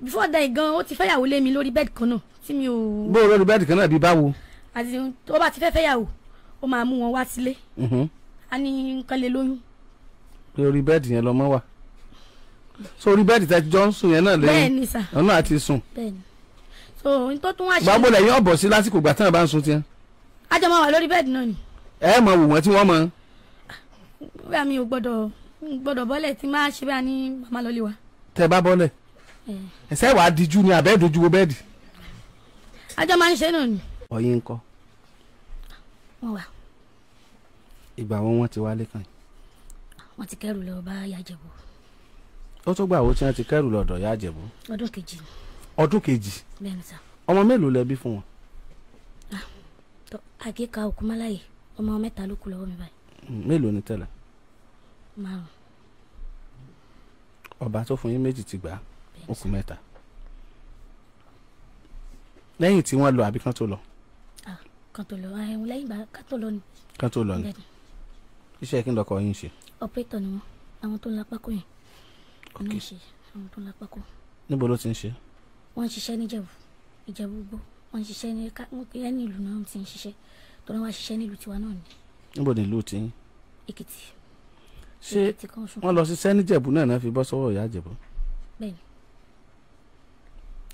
before then gan ó ti fẹ́yàwó lé mi lórí bẹ́ẹ̀dì kan náà tí mi ò. bó o lórí bẹ́ẹ̀dì kan náà bí báwo. àti tó bá ti fẹ́ fẹ́yàwó ó máa mú wọn wá sílé. Mhm. a ní nǹkan lè lóyún. pé orí bẹ́ẹ̀dì yẹn lọmọ wà so orí bẹ́ẹ̀dì tẹ́ jọ ń sùn yẹn náà lẹ́yìn bẹ́ẹ̀ni sà ọ̀nà àti sùn. bẹ́ẹ̀ni so n tó tún wá ṣe. gbàgbọ́ lẹ́yìn ọ̀bọ̀ sí lásìkò ìgbà táwọn bá ń sun tiẹ̀. ajọ máa wà lórí bẹ́ẹ̀dì náà ni. ẹ mọ wò wọn tí wọn mọ. bẹ́ẹ̀ mi ò gbọ́dọ̀ gbọ́dọ̀ bọ́lẹ̀ tí máa ṣe bá a ní màmá lọ́lẹ̀ wa. tẹ bá bọ́lẹ̀. Eh. ẹsẹ wàá díjú ni àbẹ́ dojú wo bẹ́ẹ̀ di. ajá máa ń ṣe náà ni. ọyìn ń kọ. wọn wà. ìgbà wo wọn ti wálé kàn yín. wọn ti kẹrù lọ bá yájẹbù. ó tó gbà wo tí wọn ti kẹrù lọ́dọ̀ yájẹbù. ọdún kejì. ọdún kejì. bẹ́ẹ̀ni sá. ọmọ mélòó lẹ bí fún wọn. Ah, àgékà òkúmáláyè ọmọ mẹ́ta ló kù lọ́wọ́ mi báyìí. Hmm, mélòó ni tẹ́lẹ̀. márùn. ọba tó fún yín méjì ti gbà á oṣù mẹ́ta lẹ́yìn tí wọ́n lọ àbí kán tó lọ. kán tó lọ ẹ̀hún lẹ́yìn ìgbà kán tó lọ ni. kán tó lọ ni iṣẹ́ kí n lọkọ yín ṣe. ọ̀pẹ́tọ̀ ni wọ́n àwọn tó ń lápákó yẹn. ok ní ṣe àwọn tó ń lápákó. níbo ló ti ń ṣe. wọ́n ń ṣiṣẹ́ níjẹ̀bú ìjẹ̀bú gbó wọ́n ń ṣiṣẹ́ ní ẹni ìlú náà ti ń ṣiṣẹ́ torí wọ́n ṣiṣẹ́ nílùú tiwa náà ni. níbo ni ìlú ti ń. èkìtì. ṣé wọ́n lọ ṣiṣẹ́ níjẹ̀bú náà náà fi bọ́ sọ́wọ́ ìyá ìjẹ̀bú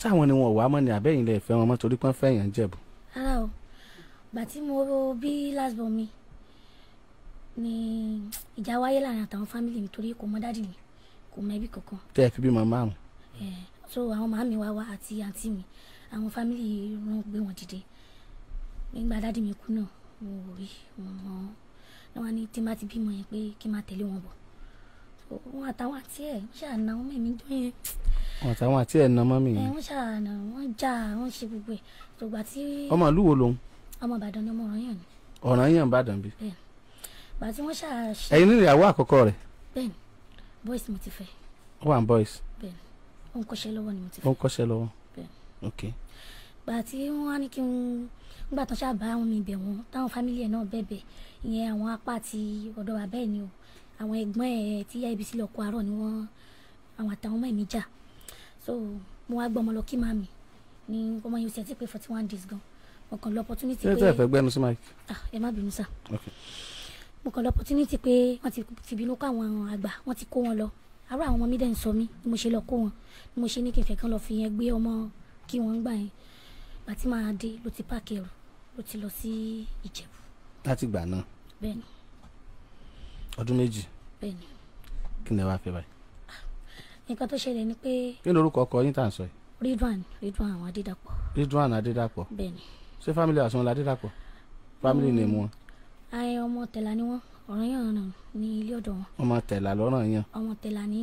táwọn ni wọn ò wá mọ́ ni àbẹ́yìn lè fẹ́ wọn mọ́ torí pọ́n fẹ́yàn jẹ̀bù. rárá o gbà tí mo bí last mi ni ìjà wáyé láàrin àtàwọn fámìlì mi torí kò mọ dáàdì mi kò mọ ẹbí kankan. tẹ́ ẹ fi bímọ márùn. ẹ so àwọn màámi wa wá àti àǹtí mi àwọn fámìlì wọn gbé wọn dìde nígbà dáàdì mi kú náà mo rí wọn náà wọn ní tí n bá ti bímọ yẹn pé kí n má tẹ̀lé wọn bọ̀ wọn àtàwọn àti ẹ̀ ń ṣàna wọn mẹ́mí jọ yẹn. wọn àtàwọn àti ẹ̀ na mọ́mì. ẹ wọ́n ṣàna wọ́n já wọ́n ṣe gbogbo ẹ̀ tògbà tí. ọmọ ìlú wo lòun. ọmọ ìbàdàn ni ọmọ ọ̀ràn yàn ni. ọ̀ràn yàn ìbàdàn bí. bẹ́ẹ̀ gbà tí wọ́n ṣàṣe. ní ìyàwó àkọ́kọ́ rẹ̀. bẹ́ẹ̀ni boys mo ti fẹ́. one boys. bẹ́ẹ̀ni ó ń kọ́ṣẹ́ lọ́wọ́ ni mo ti fẹ́. ó ń kọ́ṣẹ́ lọ́wọ́. bẹ́ẹ̀ni. ok. nígbà tó ṣàbá àwọn mi bẹ̀ wọ́n táwọn fámìlì ẹ̀ náà bẹ̀bẹ̀ ìyẹn àwọn apá ti ọ̀dọ̀ bàbá ẹ̀ ni o àwọn ẹ̀gbọ́n ẹ̀ tí ibc lọ kó arọ ni wọ́n àwọn àtàwọn ọmọ mi jà so mo wá gbọ́mọ lọ kí màmí ní ọmọ yìí ó ti ẹ̀ ti pé forty one days gan mo kàn lọ opportunity pé ṣé ẹ fẹ́ gbẹ́nu sí mike. ah ẹ má bínú sá mo kàn lọ opportunity pé wọ́n ti fìbínú kó àwọn àgbà wọ́n ti kó wọn lọ àárọ̀ àwọn ọmọ mi dẹ̀ ń sọ mí ni mo ṣe lọ kó wọn ni mo ṣe ní kí n lọ fi yẹn gbé ọmọ kí wọ́n gbà yẹn bàtí máa dé ló ti páàkì ẹrù ló ti lọ sí ìjẹ̀bú. láti gbà náà. bẹ́ẹ̀ni. ọdún méjì bẹ́ẹ̀ni. kí ni ẹ wá fẹ́ báyìí. nǹkan tó ṣẹlẹ̀ ni pé. kí ni orúkọ ọkọ yín tà ń sọ yìí. Ridwan Ridwan àwọn Adédàpọ̀. Ridwan Adédàpọ̀. bẹ́ẹ̀ni. ṣé family àsun la Adédàpọ̀ family hmm, ni mu wọn. ayé ọmọ tẹ̀lá ni wọ́n ọ̀ràn yàn ní ilé ọ̀dọ̀ wọn. ọmọ tẹ̀lá lọ́ràn yàn. ọmọ tẹ̀lá ní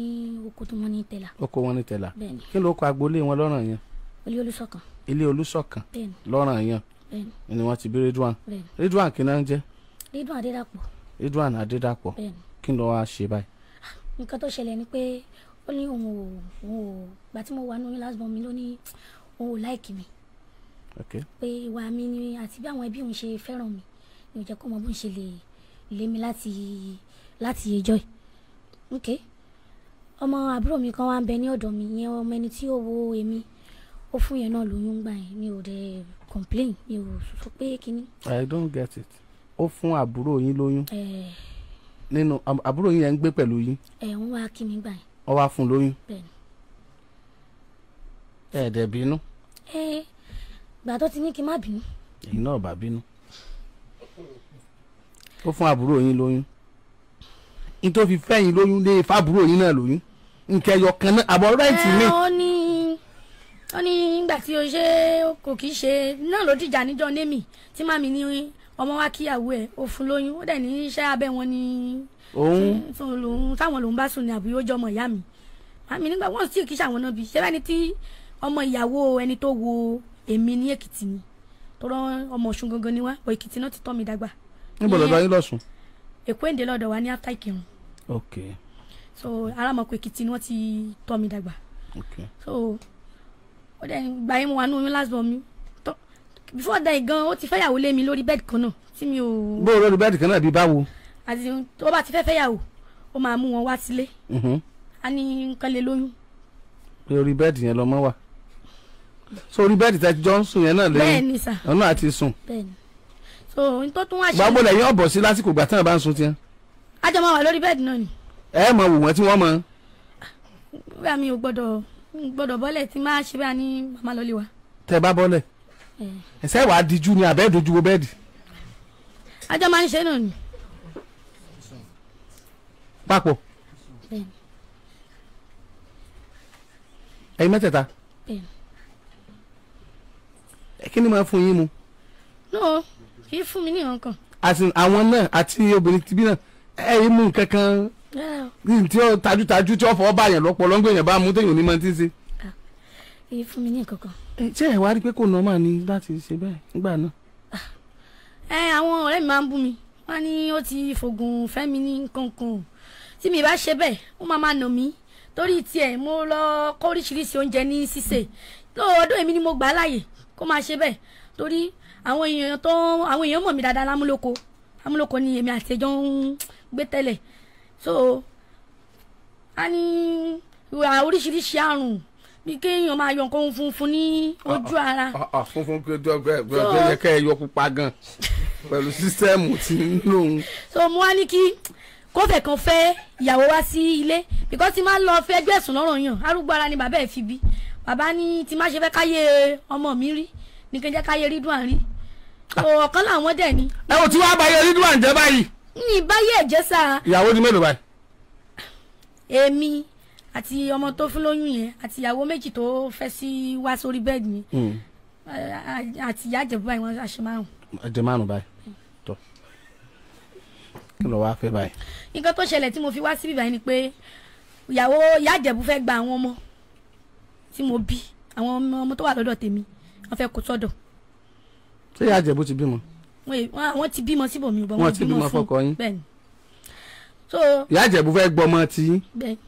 oko tí wọ́n ní tẹ̀lá. oko wọn ní tẹ̀lá. bẹ́ẹ̀ni. kí ló kọ agboolé wọn lọ́ràn yàn. ilé olùsọ̀kan. ilé olùsọ̀kan. bẹ́ẹ̀ni. lọ́ràn yàn. bẹ́ẹ̀ni. ni wọ́n ti bí Ridwan. Ridwan kí náà ń jẹ́. Ridwan Adédàpọ̀. Ridwan Adédàpọ̀ kí ló wá ṣe báyìí. nǹkan tó ṣẹlẹ̀ ni pé ó ní òun ò òun ò gbà tí mo wà nínú last born mi ló ní òun ò láìkì mi. pé ìwà mi ni àti bí àwọn ẹbí òun ṣe fẹ́ràn mi ni ò jẹ́ kó mọ bó ń ṣe lè lé mi láti láti ẹjọ́ ẹ̀. ọmọ àbúrò mi kan wá ń bẹ ní ọ̀dọ̀ mi yẹn ọmọ ẹni tí ó wo èmi ó fún yẹn náà lóyún gbà yẹn mi ò dẹ̀ complain mi ò sọ pé kínní. I don't get it ó fún àbúrò yín lóyún. Eh nínú àbúrò yín yẹn ń gbé pẹ̀lú yín. ẹ ń wá kí mi gbà yín. wọ́n wá fún un lóyún. bẹ́ẹ̀ni. ẹ dẹ̀ bínú. ẹ gbàdọ́ ti ní kí n má bínú. ẹ̀yin náà bá bínú. ó fún àbúrò yín lóyún. n tó fi fẹ́ yín lóyún lé ifá yín náà lóyún. nkẹyọ kan náà àbọ̀ rẹ́ǹtì mi. ẹ ọ ní ọ ní nígbà tí o ṣe kò kì ṣe náà ló dìjà níjọ némi tí màmí ní ọmọ wa kíyàwó ẹ̀ ó lóyún ó dẹ̀ ní iṣẹ́ abẹ́ wọn ni òun táwọn lòun bá sùn ní àbúyó jọmọ ìyá mi àmì nígbà wọn sì kí sàwọn náà bí ṣé bẹ́ẹ̀ ni tí ọmọ ìyàwó ẹni tó wo èmi ní èkìtì ni tọrọ ọmọ ọ̀ṣun gangan ni wá ọ èkìtì náà ti tọ́ mi dàgbà. níbo lọ́dọ̀ ayé lọ́sùn. èkó èdè lọ́dọ̀ wa ní after ìkírun. ok. so aramọ̀kọ èkìtì ni wọ́n ti tọ́ mi dàgbà. ok. so ó dẹ̀ gbà mo wà ní oyún last mi before then gan ó ti fẹ́yàwó lé mi lórí bẹ́ẹ̀dì kan náà tí mi ò. bó o lórí bẹ́ẹ̀dì kan náà bíi báwo. àti tó bá ti fẹ́ fẹ́yàwó ó máa mú wọn wá sílé. Mhm. a ní nǹkan lè lóyún. pé orí bẹ́ẹ̀dì yẹn lọmọ wà so orí bẹ́ẹ̀dì tẹ jọ ń sùn yẹn náà lẹ́yìn bẹ́ẹ̀ni sà ọ̀nà àti sùn. bẹ́ẹ̀ni so n tó tún wá ṣe. gbàgbọ́ lẹ́yìn ọ̀bọ̀ sí lásìkò ìgbà tán bá ń sun tiẹ́. ajọ máa wà lórí bẹ́ẹ̀dì náà ni. ẹ mọ wò wọn tí wọn mọ. wíwá mi ò gbọ́dọ̀ gbọ́dọ̀ bọ́lẹ̀ tí máa ṣe bá a ní màmá lọ́lẹ̀ wa. tẹ bá bọ́lẹ̀. Eh. ẹsẹ wàá díjú ni àbẹ dojú wo bẹẹdì. ajá máa ń ṣe náà ni. papọ̀. ẹyin mẹ́tẹ̀ẹ̀ta. ẹ kí ni máa fún yín mu. no kì í fún mi ní nǹkan. àti àwọn náà àti obìnrin tibí náà ẹ yín mú nǹkan kan. ní ti tajútajú tí wọ́n fọwọ́ bá yẹn lọ́pọ̀ lọ́ngbẹ̀yìn bá mú téèyàn ní máa ti ṣe iye fún mi ní ìkọ̀kan. ṣé ẹ wá rí i pé kò nọ́mà ni láti ṣe bẹ́ẹ̀ nígbà náà. Ah. ẹ àwọn ọ̀rẹ́ mi máa ń bú mi wọ́n ní ó ti fògùn fẹ́mi ní kankan tí mi bá ṣe bẹ́ẹ̀ ó máa máa nà mí torí tiẹ̀ mo lọ kọ́ oríṣiríṣi oúnjẹ ní sísè lóòótọ́ èmi ni mo gbà á láàyè kó máa ṣe bẹ́ẹ̀ torí àwọn èèyàn tó àwọn èèyàn mọ̀ mí dáadáa lámúlòkọ lámúlòkọ ni èmi àti ń gbé tẹ́lẹ̀ so a ní oríṣiríṣi àrùn kéèyàn máa yọ nǹkan funfun ní ojú ara. Ah, ah, ah, funfun kí ojú ọgbẹ ẹgbẹ ọgbẹ yẹ kẹ yọ pupa gan pẹ̀lú sísẹmù tí ń lòun. so mo wá ní kí kófẹ̀ kan fẹ́ ìyàwó wá sí ilé because tí máa ń lọ fẹ́ gbẹ̀sùn lọ́rọ̀ yàn arúgbó ara ni bàbá ẹ̀ fi bí bàbá ní tí máa ṣe fẹ́ káyé ọmọ mi rí ní kí n jẹ́ káyé rídùn àárín so ọ̀kan làwọn dẹ̀ ni. ẹ ò tí wàá báyé rídùn àǹjẹ́ báyìí. ní báyé ẹ̀jẹ̀ sáà. ìyàwó di mélòó báyìí. èmi àti ọmọ tó fún lóyún yẹn àti ìyàwó méjì tó fẹ́ sí wá sórí bẹ́ẹ̀dì mi mm. eh, àti ìyá àjẹbù báyìí wọ́n ṣe márùn. àjẹ márùn báyìí tó kí ló wáá fẹ́ báyìí. nǹkan tó ṣẹlẹ̀ tí mo fi wá síbí báyìí ni pé ìyàwó ìyá àjẹbù fẹ́ gba àwọn ọmọ tí mo bí àwọn ọmọ tó wà lọ́dọ̀ tèmi wọ́n fẹ́ kó sọ́dọ̀. ṣé ìyá àjẹbù ti bímọ. wọ́n ti bímọ síbòmí. wọ́n ti bímọ fọkọ yín. bẹ́ẹ̀ni. ìyá àjẹbù fẹ́ gbọ́mọ tí. bẹ́ẹ̀ni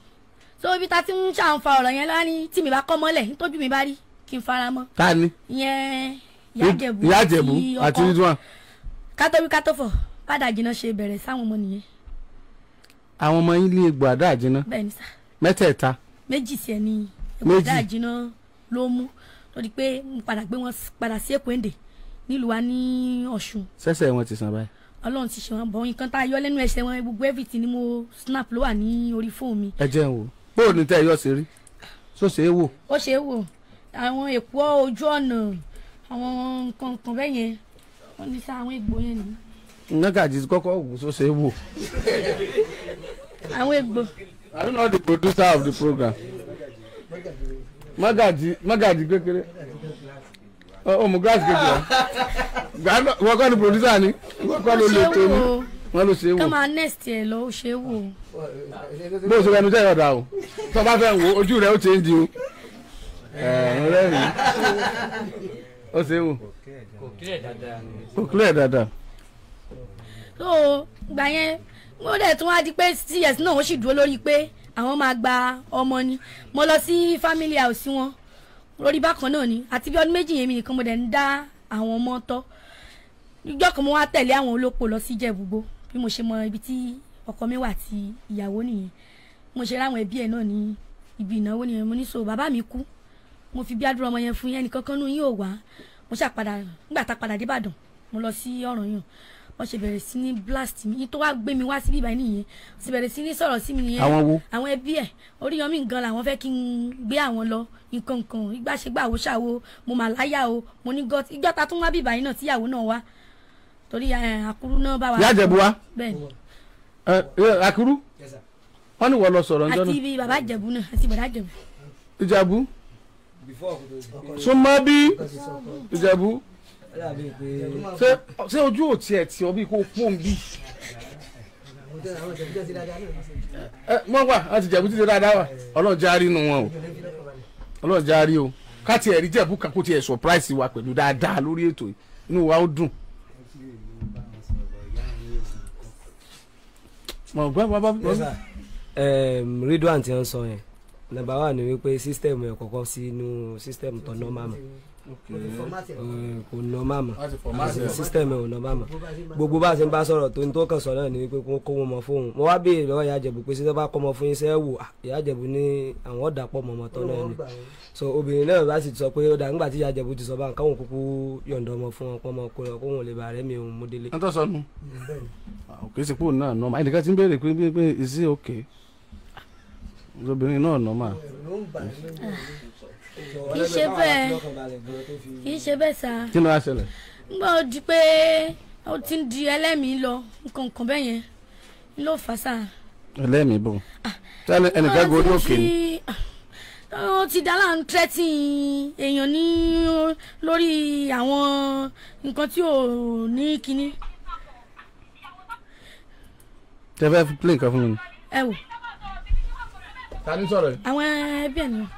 so ibi ta ti ń ṣàǹfà ọ̀rọ̀ yẹn lọ́wọ́ ni tí mi bá kọ́ mọ́lẹ̀ nítorí mi bá rí kí n fara mọ́. ta ni. ìyẹn ìyájẹ̀bù àti ọkọ àti ridwan. kátó wí kátó fọ̀ bàdà jìnnà ṣe bẹ̀rẹ̀ sáwọn ọmọ nìyẹn. àwọn ọmọ yín lé egbò àdá àjìnnà. bẹ́ẹ̀ni sá. mẹ́tẹ̀ẹ̀ta. méjì sí ẹ ní egbò àdá àjìnnà ló mú lórí pé mo padà gbé wọn padà sí èkó èndè nílùú wa ní ọ̀ṣun. sẹ́sẹ̀ wọn ti sàn báyìí. ọlọ́run ti ṣe wọn bọ̀ nǹkan tá a yọ lẹ́nu ẹsẹ̀ wọn gbogbo everything ni mo snap ló wà ní orí fóònù mi. ẹ jẹ́ n bóò ní tẹ́ ẹ yọ sí rí tó ṣe é wò. ó ṣe é wò àwọn èkó ojú ọ̀nà àwọn nǹkan kan bẹ́ẹ̀ yẹn wọ́n ní sá àwọn egbò yẹn ni. nígbàjì kọ́kọ́ wò tó ṣe é wò. àwọn egbò. I don't know the producer of the program. Magaji Magaji kékeré. Ọmọ gáàsì kékeré. Wọ́n kọ́ ni producer ni. Wọ́n kọ́ ló lè tó ní. Wọ́n ló ṣe é wò. Kọ́ máa next year lọ, ó ṣe é wò bó o sọ ẹnu tẹ ẹ ọdà o tó bá fẹ́ wo ojú rẹ ó ṣe ń di o ẹ̀ẹ́n rẹ́rìn ó ṣe wò kò clear dáadáa. so gbà yẹn mo dẹ̀ tún wá di pé cs náà ó sì dúró lórí pé àwọn máa gba ọmọ ni mo lọ sí family house wọn lórí bákan náà ni àti bí ọdún méjì yẹn mi nìkan mo dẹ̀ ń dá àwọn ọmọ tọ́ ìjọ kan mo wá tẹ̀lé àwọn olóko lọ sí Ìjẹ̀bú Igbó bí mo ṣe mọ ibi tí ọkọ mi wà ti ìyàwó nìyẹn mo ṣe ráwọn ẹbí ẹ náà ní ibi ìnáwó nìyẹn mo ní so bàbá mi kú mo fi bí àdúrà ọmọ yẹn fún yẹn nìkankan nù yín ò wá mo ṣàpadà nígbà tá a padà dé Ìbàdàn mo lọ sí ọ̀ràn yàn wọ́n ṣe bẹ̀rẹ̀ sí ní blast mi tó wá gbé mi wá sí bíbá nìyẹn ṣe bẹ̀rẹ̀ sí ní sọ̀rọ̀ sí mi nìyẹn àwọn wo àwọn ẹbí ẹ̀ Oríyọmí nǹkan làwọn fẹ́ kí n gbé àwọn lọ nǹkan nǹkan ìgbàṣegbà wo ṣàwo mo mà láyà o mo ní gọt ìjọta tún wá bíbá yìí náà tíyàwó náà wá torí àkúrú náà bá wa. yájẹ̀ bu wa. bẹ́ẹ̀ akuru wọn ni wọn lọ sọ̀rọ̀ njọ náà. àti bàbá jẹ̀bú náà àti bàbá jẹ̀bú. ìjẹ̀bú súnmọ́ bí ìjẹ̀bú ṣé ojú ò tiẹ̀ ko ọ bí kò pọ́n bí. wọ́n wà láti jẹ̀bú títí dáadáa wà ọlọ́run járí nu wọn o ọlọ́run járí o ká ti rí jẹ̀bú kan kó tiẹ̀ surprise wa pẹ̀lú dáadáa lórí ètò yìí inú wa ó dùn. mọ gbẹ bàbá mi. ridwan ti ń sọ yẹn nàbà wà ní wípé sísítẹ̀mù ẹ̀ kọ̀ọ̀kan sínú sísítẹ̀mù tó nọ́mà mọ́ kò nọ màmá system ẹ ò nọ màmá gbogbo bá a ṣe ń bá sọ̀rọ̀ tó ní tó kàn sọ náà ni wípé kó kó wọn mọ fóun mo wá béèrè lọ́wọ́ ìyá àjẹ̀bù pé sísẹ́ bá kọ́ ọmọ fún yín sẹ́ wò ìyá àjẹ̀bù ní àwọn ọ̀dà pọ̀ mọ̀mọ́ tán náà ni so obìnrin náà bá sì sọ pé ó dà nígbà tí ìyá àjẹ̀bù ti sọ bá nǹkan òun kúkú yọ̀ǹda ọmọ fún wọn kó ọmọ kó lọ kó wọn lè bà rẹ́ mi òun mú délé. is okay obìnrin náà nọ́ọ̀mà kì í ṣe bẹ́ẹ̀ kì í ṣe bẹ́ẹ̀ sá. kí ló wá ṣẹlẹ̀. n gbọ́ di pé ó ti ń di ẹlẹ́mìí lọ nǹkan nǹkan bẹ́ẹ̀ yẹn ló fà sá. ẹlẹ́mìí bò ẹnìkan gorí òkè ni. Ah, ó ti dá láàánú tẹ́tí èèyàn ní lórí àwọn nǹkan tí ò ní kínní. tẹ fẹ́ play nǹkan fún mi. ẹ wò. ta ni sọ̀rọ̀ yìí. àwọn ẹbí ẹ̀ nìyẹn.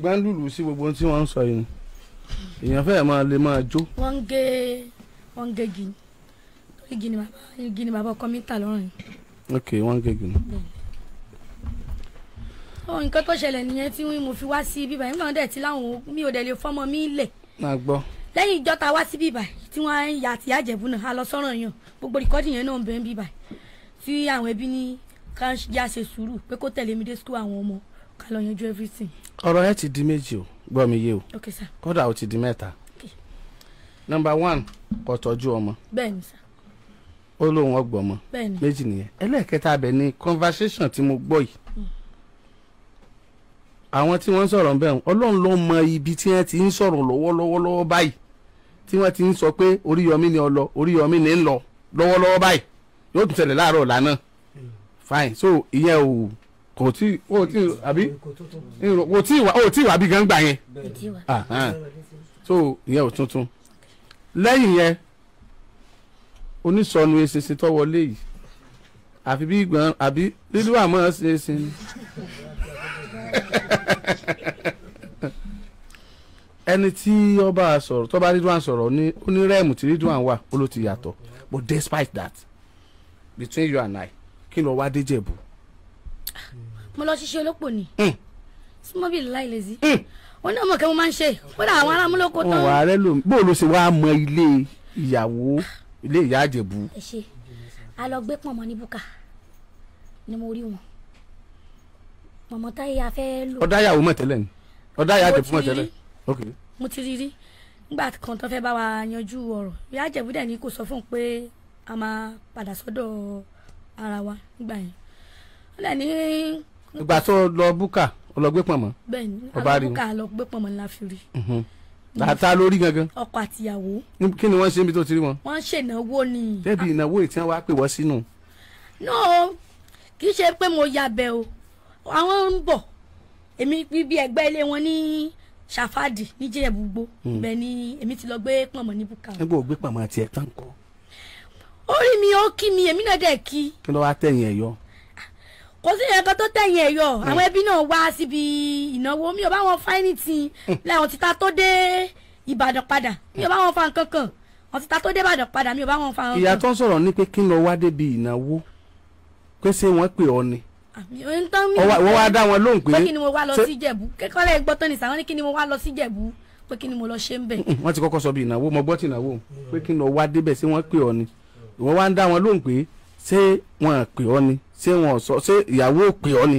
ìgbà ń lùlù sí gbogbo ohun tí wọ́n ń sọ yìí èèyàn fẹ́ẹ̀ máa lè máa jó. wọ́n ń gé wọ́n ń gé igi igi ni bàbá igi bàbá ọkọ mi tà lọ́rùn yìí. ok wọ́n ń gé igi ohun nǹkan tó ṣẹlẹ̀ nìyẹn tí mo fi wá sí bíbá yìí nígbà tí láwọn mi ò dẹ̀ lè fọ́mọ mi lẹ̀. máa gbọ́. lẹ́yìn ìjọ ta wá sí bíbá tí wọ́n ya àtìyá àjẹ̀bù náà a lọ sọ́ràn yàn gbogbo rìkọ́dì yẹn náà ń bẹ ń bíbá tí àwọn ẹbí ní ká yá ṣe sùúrù pé kó tẹ̀lé mi dé school àwọn ọmọ ká lọ yanjú everything ọ̀rọ̀ yẹn ti di méjì o gbọ́ mi yé o kódà o ti di mẹ́ta nọmba one kò tọ́jú ọmọ ó lóun ọgbọ̀n mọ́ méjì nìyẹn ẹlẹ́ẹ̀kẹta abẹ ni conversation tí mo gbọ́ yìí mm. àwọn tí wọ́n ń sọ̀rọ̀ bẹ́ẹ̀ ọlọ́run ló mọ ibi tí wọ́n ti ń sọ̀rọ̀ lọ́wọ́lọ́wọ́ báyìí tí wọ́n ti ń sọ pé oríyọmí ni ọ lọ oríyọmí ni ń lọ lọ́wọ́lọ́wọ́ báyìí yóò tún ṣẹlẹ̀ láàárọ̀ lánàá mm. fine so ìyẹn ò kò tí o tí àbí o tí wà o tí wà bí gangba yẹn ah, ah. so ìyẹn ò tuntun lẹ́yìn yẹn onísọnù eṣinṣin tó wọlé yìí àfi bí gbọ́n àbí lílù àmọ́ ṣeéṣe ni ẹni tí ọba sọ̀rọ̀ tọ́ba ridwan sọ̀rọ̀ ní onírẹ́ẹ̀mù tí ridwan wà ó ló ti yàtọ̀ but despite that between you and I kí ló wá dé jẹ̀bù. Ah mo lọ ṣiṣẹ́ olópò ni hmm. súnmọ́ bíi láì lè sí òun hmm. náà mọ̀ kí wọ́n máa ń ṣe kódà àwọn ará múlòkó tán. ọ̀wà rẹ ló bó ló ṣe wá mọ ilé ìyàwó ilé ìyá àjẹbù. ẹ ṣe a lọ gbé pọ̀nmọ́ ní búkà ni mo rí wọn pọ̀nmọ́ táyé a fẹ́ lò. ọ̀dà ìyàwó mọ̀ tẹ́lẹ̀ ni ọ̀dà ìyá àjẹbù mọ̀ tẹ́lẹ̀. mo ti rí rí nígbà kan tó fẹ́ bá wa yanjú ọ̀rọ̀ ìyá àjẹbù dẹ̀ ni kò sọ fún un pé a máa padà sọ́dọ̀ ara wa nígbà yẹn ó dẹ̀ ní ìgbà tó lọ búkà ọlọgbé pọ̀nmọ́. bẹ́ẹ̀ni alábùkà ọlọgbé pọ̀nmọ́ la fi rí. Bàtà mhm. lórí gangan. Ọkọ àtìyàwó. Kí ni wọ́n ṣe níbi tó ti rí wọn? Wọ́n ṣe ìnáwó ni. Bẹ́ẹ̀bi ìnáwó ìtí wọn wá pè wọ́n sínú. No, kì í ṣe pé mo yabẹ̀ o. Àwọn ń bọ̀. Èmi bíbí ẹgbẹ́ ilé wọn ní Ṣàfádì ní Jẹ̀bùgbò. Hmm. Ibẹ̀ ni èmi ti lọ gbé pọ̀nmọ́ ní Bùkà. Nígbà ò gbé pọ̀nmọ́ àti ẹ̀ tán kọ́. Orí mi ó kí mi, èmi náà dẹ̀ kí. Kí ló wá tẹ̀yìn ẹ̀ yọ? kò sí ẹ̀kan tó tẹ̀yìn ẹ̀ yọ hmm. àwọn ẹbí náà wá síbi ìnáwó mi ò bá wọn fa anything hmm. láwọn títa tó dé Ìbàdàn padà mi ò bá wọn fa nǹkan kan wọn tó dé Ìbàdàn padà mi ò bá wọn fa nǹkan. ìyá tó ń sọ̀rọ̀ ní pé kí n lọ wá débi ìnáwó pé ṣé wọ́n pè ọ́ ni wọ́n wá dá wọn lóhùn pé pé kí ni mo wá lọ sí Ìjẹ̀bú kẹ́kọ̀ọ́ gbọ́ tán ní sàwọn ní kí ni mo wá lọ sí Ìjẹ̀bú pé kí ni mo lọ ṣe ń bẹ̀. Hmm, wọ́n ti kọ́kọ́ sọ bí ìnáwó mo gbọ́ ìnáwó pé kí ni o wá débẹ̀ ṣé wọ́n pè ọ́ ni wọ́n wá ń dá wọn lóhùn pé ṣé wọ́n pè ọ́ ni ṣé wọn sọ ṣé ìyàwó òpè ọ ni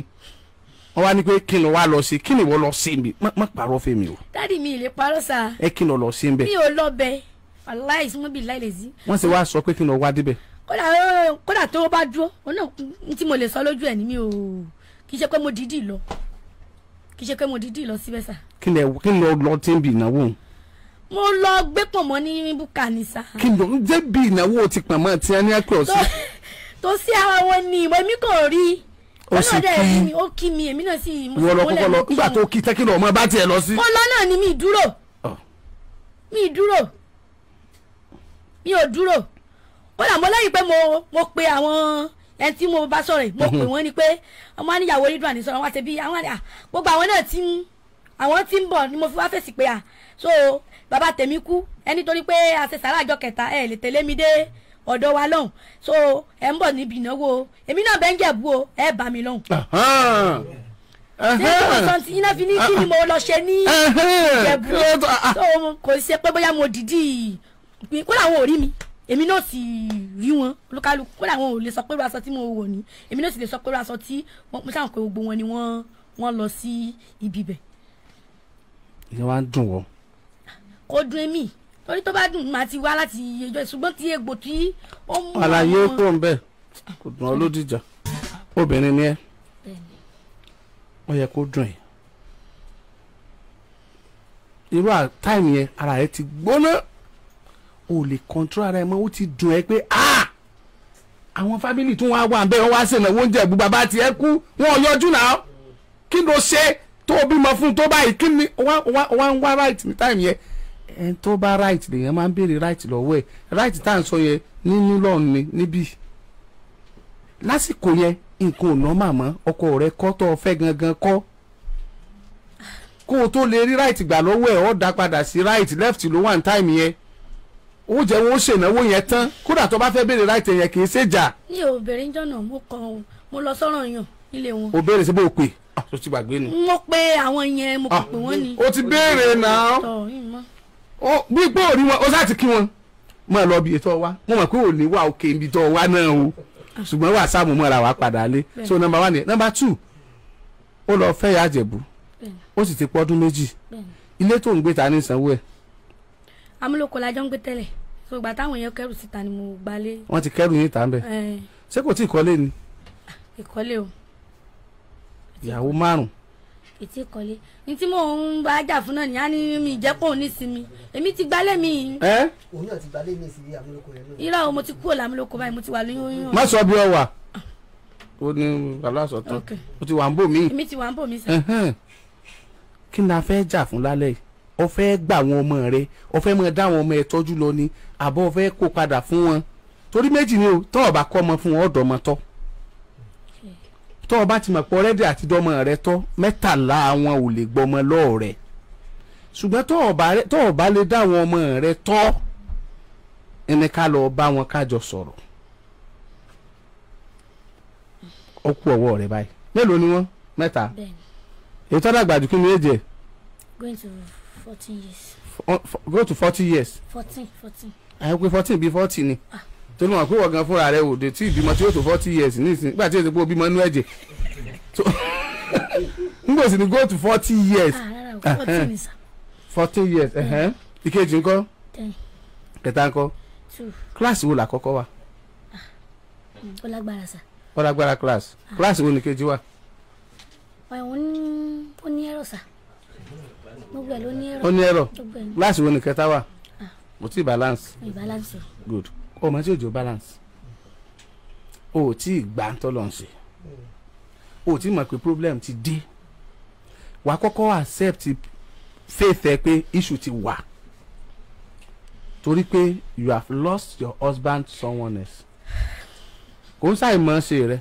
wọn wá ní pé kí ni wàá lọ sí kí ni ìwọ lọ sí mi má parọ́ fún mi o. dáàdi mi lè parọ́ sa. ẹ kí ni o lọ sí nbẹ. mi ò lọ bẹ aláì sí wọn bí láì lè sí. wọn sì wá sọ pé kí ni o wá débẹ̀. kódà kódà tó bá dúró òun náà n tí mo lè sọ lójú ẹ ní mi ò kì í ṣe pé mo dídì lọ kì í ṣe pé mo dídì lọ síbẹ̀ sa. kí ni kí ni o lọ tí ń bi ìnáwó. mo lọ gbé pọ̀ mọ́ ní búkà ní sa. kí ni o jẹ́ bí ìnáwó ti pàmò àti ẹni ẹ̀kọ́ tó sí ara wọn ni ìwọ èmi kò rí ó sì kí ó kí mi èmi náà sì mo sì mọ́lẹ̀ mi kí nígbà tó kí tẹ́kìlọ̀ ọmọ bá tiẹ̀ lọ sí. ó lọ náà ni mi dúró oh. mi dúró mi ò dúró ó là mọ́ lẹ́yìn pé mo mo pe àwọn ẹni tí mo bá sọ̀rọ̀ yìí mo pè mhm. wọ́n ni pé ọmọ aníyàwó rí dùn àníṣọ́rọ̀ wá ṣe bí àwọn àdá ah, gbogbo àwọn náà ti ń àwọn tí ń bọ̀ ni mo fi wá fèsì pé à ah, so bàbá tèmi kú ẹni torí pé àṣẹ sàrà àjọ kẹta ẹ lè tẹ̀lé mi dé ọ̀dọ̀ wa lọ́hùn so ẹ ń bọ̀ níbi ìnáwó èmi náà bẹ́ẹ̀ ń jẹ̀bú o ẹ bá mi lọ́hùn. ṣé ìwòsàn iná fi ní kí ni mo lọ ṣe ní ìjẹ̀bú ah. so kò ṣe pé bóyá mo dìídì kó làwọn ò rí mi èmi náà sì rí wọn olúkálùkù kó làwọn ò lè sọ pé aṣọ tí mo wọ̀ ni èmi náà sì lè sọ pé aṣọ tí mo ṣàwọn pé gbogbo wọn ni wọ́n lọ sí ibi bẹ̀. ìyẹn wá ń dùn wọ́. kò dùn mí torí tó bá dùn máa ti wá láti ìyẹjọ ṣùgbọ́n ti egbò tí ó mú wọn. àlàyé kò ń bẹ kò dùn ọ lódìjà obìnrin ni ẹ ó yẹ kó dùn ẹ irú àtàìmì yẹn ara rẹ ti gbóná o lè kọ́ńtúrò ara ẹ mọ́ ó ti dùn ẹ pé àwọn fámìlì tó wá wà ń bẹ wọn wá ṣèlè oúnjẹ ẹ̀gbọ́n bàbá tiẹ̀ kú wọn yọjú náà kí ló ṣe tó bímọ fún tó báyìí kí ni wọ́n wá right ní táìmì yẹn ẹni tó bá right lèèyàn máa ń béèrè right lọ́wọ́ ẹ̀ right tá à ń sọ yẹn nínú lọ́ọ̀nù ni níbí lásìkò yẹn nǹkan ò nọ́mà màmá ọkọ rẹ kọ́ tó o fẹ́ gangan kọ́ kó o tó lè rí right gbà lọ́wọ́ ẹ̀ ọ́ dá padà sí right left ló wà ní táìmì yẹn ó jẹ́ wọn ó ṣènáwó yẹn tán kódà tó bá fẹ́ béèrè right yẹn kì í ṣèjà. ní obìnrin jọ̀nà mo ọ́ mo lọ sọ́rọ̀ yàn nílé wọn. o béèrè sí bó o pè ah, tó ti gbàgbé ni. mo pe àwọn yẹn mo pè wọ́n ni. Ah, o ti béèrè náà. bí gbọ́ òrí wọn ó sá ti kí wọn máa lọ bí ètò wa mo mọ̀ pé ò ní wà òkè ibi tó wa náà o ṣùgbọ́n wà sáàmù mọ́ra wa padà lé so number one yẹn nọmba two ó lọ fẹ́ ìyá àjẹ̀bù ó sì ti pọ́dún méjì ilé tó ń gbé ta ní ìsanwó ẹ̀. amúlòkọ la ń gbé tẹ́lẹ̀ so ìgbà táwọn èèyàn kẹrù síta ni mo gbalé. wọ́n ti kẹrù yín ta ń bẹ̀ ṣé kò tí ì kọ́lé ni. ìkọ́lé o. ìyàwó márùn-ún ètí kọ́lé ní tí mò ń bá jà fún náà nìyá ni mi jẹ́ kó ní sinmi èmi ti gbálẹ̀ mi. òun náà ti gbálẹ̀ mi sí amúlòkọ rẹ náà. Ira o mo ti kúrò lámúlòkọ báyìí mo ti wà lóyún. má sọ bí ọ wà ó ní aláṣọ tán ó ti wà ń bò mí. èmi ti wà ń bò mí sá. kí ni a fẹ́ jà fún lálẹ́ yìí o fẹ́ gbà àwọn ọmọ rẹ o fẹ́ mọ dá ọmọ ẹ tọ́jú lọ ni àbọ̀ o fẹ́ kó padà fún wọn torí méjì ni o tọ́ ọ̀bà tó o bá ti mọ̀ pé ọ̀rẹ́dẹ̀ àti dọ́mọ rẹ tọ́ mẹ́tàlá wọn ò lè gbọmọ lọ́ọ̀ rẹ̀ ṣùgbọ́n tó o bá lè dá àwọn ọmọ rẹ tọ́ ẹni ká lọ bá wọn kájọ sọ̀rọ̀ ó kú ọwọ́ rẹ báyìí mélòó ni wọ́n mẹ́ta èyí tó dàgbà jù kí ni èjì going to fourteen years. go to fourteen years. fourteen fourteen. àyẹ̀wò pé fourteen bíi forty ni. Ah torí wọn pé wọ́n gan fúnra rẹ̀ òde tí ìbímọ tí ó to forty years nísìnyí nígbà tí èsì pé òbí mọ inú So nígbà sì ni go to forty years ah, forty years mm. ìkejì ńkọ́ kẹta ńkọ́ kíláàsì wo làkọ́kọ́ ah, ah. wà. ó lágbára sà. ó lágbára kíláàsì kíláàsì wo ni kejì wà. ọ̀hún ó ní ẹ̀rọ sà gbogbo ẹ̀ ló ní ẹ̀rọ. ó ní ẹ̀rọ kíláàsì wo ni kẹta wà. mo ti balance. balance. good o mọ̀ tí òjò balance o ò tí ì gbà ń tọ́lọ̀ ṣe o tí mọ̀ pé problem ti dé wàá kọ́kọ́ accept faith ẹ pé issue ti wà torí pé you have lost your husband to someone else kò ń sáì mọ̀ ṣe rẹ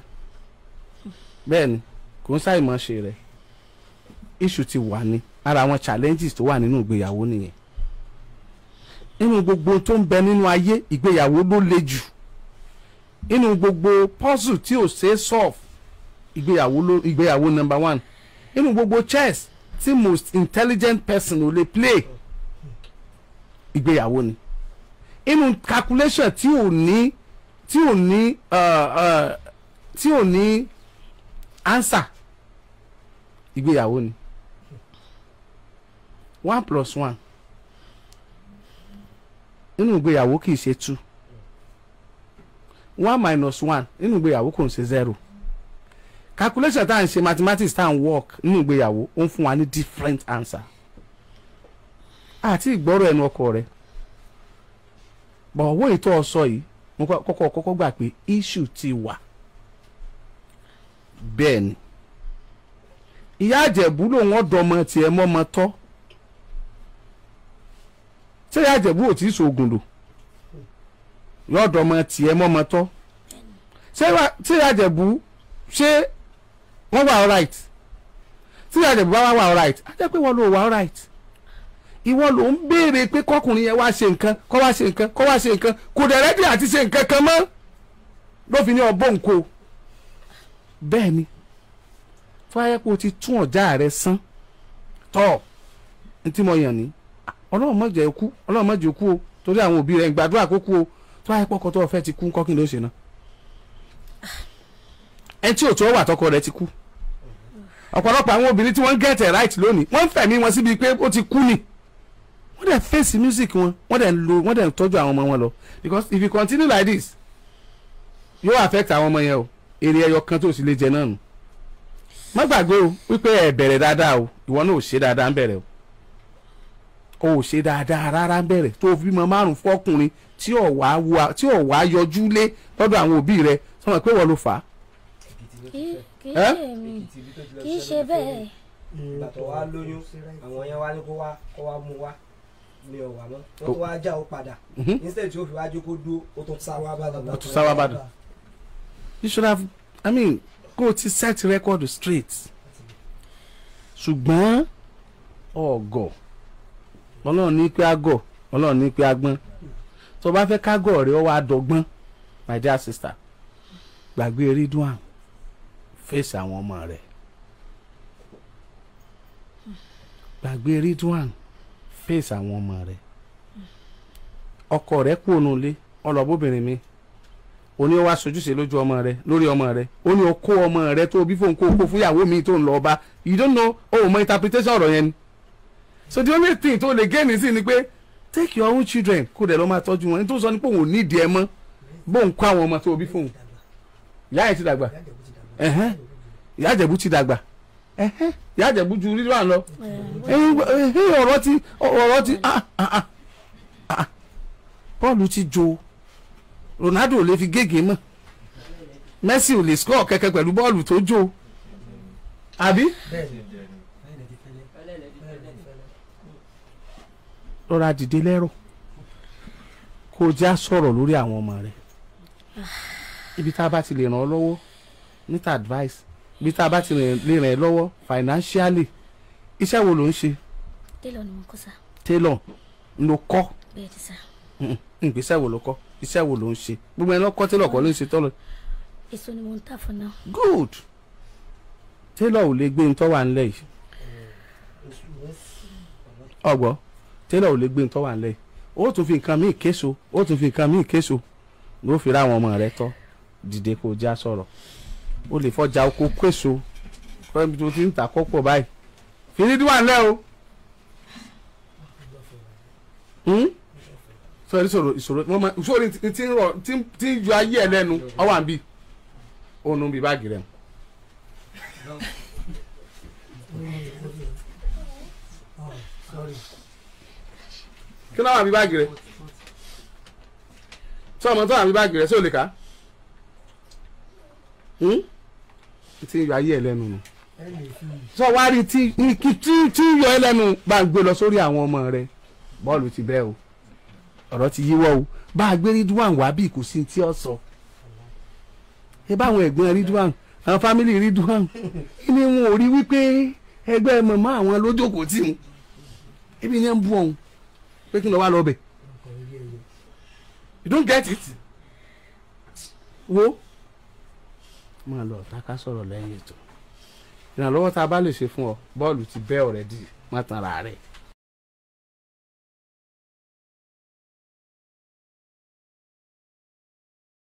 bẹ́ẹ̀ ni kò ń sáì mọ̀ ṣe rẹ issue ti wà ní ara àwọn challenges tó wà nínú ìgbéyàwó nìyẹn nínú gbogbo tó ń bẹ nínú ayé ìgbéyàwó ló le jù nínú gbogbo puzzle tí ò ṣe é solve ìgbéyàwó ló ìgbéyàwó number one nínú gbogbo chess tí most intelligent person ò lè play ìgbéyàwó ni nínú calculation tí ò ní tí ò ní uh, uh, tí ò ní answer ìgbéyàwó ni one plus one nínú ìgbéyàwó kì í ṣe two one minus one nínú ìgbéyàwó kò ń ṣe zero calculation tá à ń ṣe mathematics tá à ń work nínú ìgbéyàwó ó ń fún wa ní different answer àti ìgbọ́rọ̀ ẹnu ọkọ rẹ bọ̀ owó ìtọ́ sọ yìí mo kọ́kọ́ kọ́kọ́ gbà pé issue ti wà bẹ́ẹ̀ ni ìyá àjẹ̀bú lòun ọ̀dọ́mọ tiẹ̀ mọ́mọ tọ́ ṣé ìyá ìjẹ̀bú ò tí ì sògùn lò yọ̀dọ̀ ọmọ tiẹ̀ mọ́mọ tọ́ ṣé ìyá ìjẹ̀bú ṣé wọ́n wà alright tí ìyá ìjẹ̀bú bá wà alright á jẹ́ pé wọ́n lò wà alright ìwọ ló ń béèrè pé kọkùnrin yẹn wá ṣe nǹkan kọ́ wá ṣe nǹkan kọ́ wá ṣe nǹkan kò dẹ̀ rẹ́dí àti ṣe nǹkan kan mọ́ ló fi ní ọbọ̀ nǹkó bẹ́ẹ̀ ni fáyẹ́pọ̀ ti tún ọ̀já rẹ̀ sán tọ́ ntí mo yàn ní ọlọ́run má jẹ́ kú ọlọ́run má jẹ́ kú o torí àwọn òbí rẹ̀ ń gbàdúrà kó kú o tó bá yẹ pọ́kọ tó fẹ́ ti kú ńkọ́ kí ló ṣe na ẹni tí òtún ọwà tọkọ rẹ̀ ti kú ọ̀pọ̀lọpọ̀ àwọn obìnrin tí wọ́n ń get it right lónìí wọ́n ń fẹ̀mí wọn síbi pé ó ti kú ni wọ́n dẹ̀ face music wọn wọ́n dẹ̀ ń lo wọ́n dẹ̀ ń tọ́jú àwọn ọmọ wọn lọ because if you continue like this yóò affect àwọn ọmọ yẹn o èrè ẹyọ kan tó sì lè jẹ náà nù má gbàgbé o wípé ẹ bẹ̀rẹ̀ dáadáa o ìwọ náà ò ṣe dáadáa ń bẹ̀rẹ̀ o o ò ṣe dáadáa rárá ń bẹ̀rẹ̀ tó o fi bímọ márùn fọkùnrin tí ò wá yọjú lé lọ́dọ̀ àwọn òbí rẹ sọmọ pé wọ́n ló fà á. kì í ṣe bẹ́ẹ̀. bàtọ̀ wa lóyún àwọn yẹn wá ní kó wá kó wá mú wá ni ọ̀wà mọ́ wọ́n tó wá já o padà mhm. instead tí o fi wá jókòó dúró o tún sáwá bàdàn. o tún sáwá bàdàn. you should have i mean go to set record straight ṣùgbọ́n ọ̀gọ̀. Oh, ọlọ́run ní pé àgọ̀ ọlọ́run ní pé agbọ́n tó bá fẹ́ kágọ̀ rẹ ọ wá dọ́gbọ́n my dear sister gbàgbé ridwan, àwọn fèsì àwọn ọmọ rẹ gbàgbé rídùn àwọn fèsì àwọn ọmọ rẹ ọkọ rẹ kú ònú ilé ọlọ́bóbìnrin mi ó ní ó wá sojúṣe lójú ọmọ rẹ lórí ọmọ rẹ ó ní ó kó ọmọ rẹ tó bí fóun kó kó fúyàwó mi tó ń lọ ọba you don't know o oh, mọ interpretation ọ̀rọ̀ yẹn ni so the only thing tó lè gé nísìn ni pé take your own children kó dẹ̀ lọ́ máa tọ́jú wọn ní tó sọ ni pé òun ò nídìí ẹ mọ́ bóun kó àwọn ọmọ tó bí fóun ìyá ẹ̀ ti dàgbà ìyá ìjẹ̀bú ti dàgbà ìyá ìjẹ̀bú ju rírọ̀ àlọ́ ọ̀rọ̀ ti ọ̀rọ̀ ti ah, ah, ah, Paul ti jo Ronaldo ò lè fi gègé mọ́ Messi ò lè score kẹ̀kẹ́ pẹ̀lú bọ́ọ̀lù tó jo àbí. rọra dìde lẹ́rọ̀ kó o já sọ̀rọ̀ lórí àwọn ọmọ rẹ ibi tá a bá ti lè ràn ọ́ lọ́wọ́ níta advice ibi tá a bá ti lè ràn ẹ́ lọ́wọ́ financially iṣẹ́ wo ló ń ṣe. tailor ni mo kọ́ sá. tailor ló kọ́. bẹ́ẹ̀ ti sá. ìgbésẹ̀ wo ló kọ́ iṣẹ́ wo ló ń ṣe gbogbo ẹni lọ́kọ́ tailor kọ́ ló ń ṣe tọ́lọ̀. èso ni mo ń tà fún náà. good tailor ò lè gbé ntọ́wà ńlẹ̀ yìí. Eh, ọgbọ́n tẹ́lẹ̀ ò lè gbé nǹkan wà lẹ́yìn ó tún fi nǹkan míì késo ó tún fi nǹkan míì késo ló fi ráwọn ọmọ rẹ tọ́ dìde kó já sọ̀rọ̀ ó lè fọjà oko késo kọ́ni tó ti ń ta kọ́pọ̀ báyìí fìdí wà lẹ́ o hmm? sọ̀rọ̀ ìṣòro ìṣòro wọ́n máa ìṣòro ti ń rọ̀ ti ń yọ ayé ẹ̀ lẹ́nu ọwọ́ àbí òun ń báàgì rẹ̀ mu. kí náà wà bí báàgì rẹ tí ọmọ tó wà bí báàgì rẹ sí òlìkà hmm? tí yọ ayé ẹ lẹ́nu nù sọ wá rí tí tí yọ ẹ lẹ́nu bá ń gbé lọ sórí àwọn ọmọ rẹ bọ́ọ̀lù ti bẹ́ o ọ̀rọ̀ ti yíwọ́ o bá a gbé ridwan wá bí kò sí tí ọ sọ ẹ báwọn ẹ̀gbọ́n ridwan àwọn fámìlì ridwan ni wọn ò rí wípé ẹgbẹ́ mọ̀mọ́ àwọn lójókòó tì mú ebi ni ẹ ń bú ọ̀hún pé kí n lọ wá lọ bẹ̀ you don't get it wo máa lọ ọ̀tá ká sọ̀rọ̀ lẹ́yìn ètò ìrànlọ́wọ́ tá a bá lè ṣe fún ọ bọ́ọ̀lù ti bẹ́ ọ̀rẹ́dì má tan ara rẹ̀.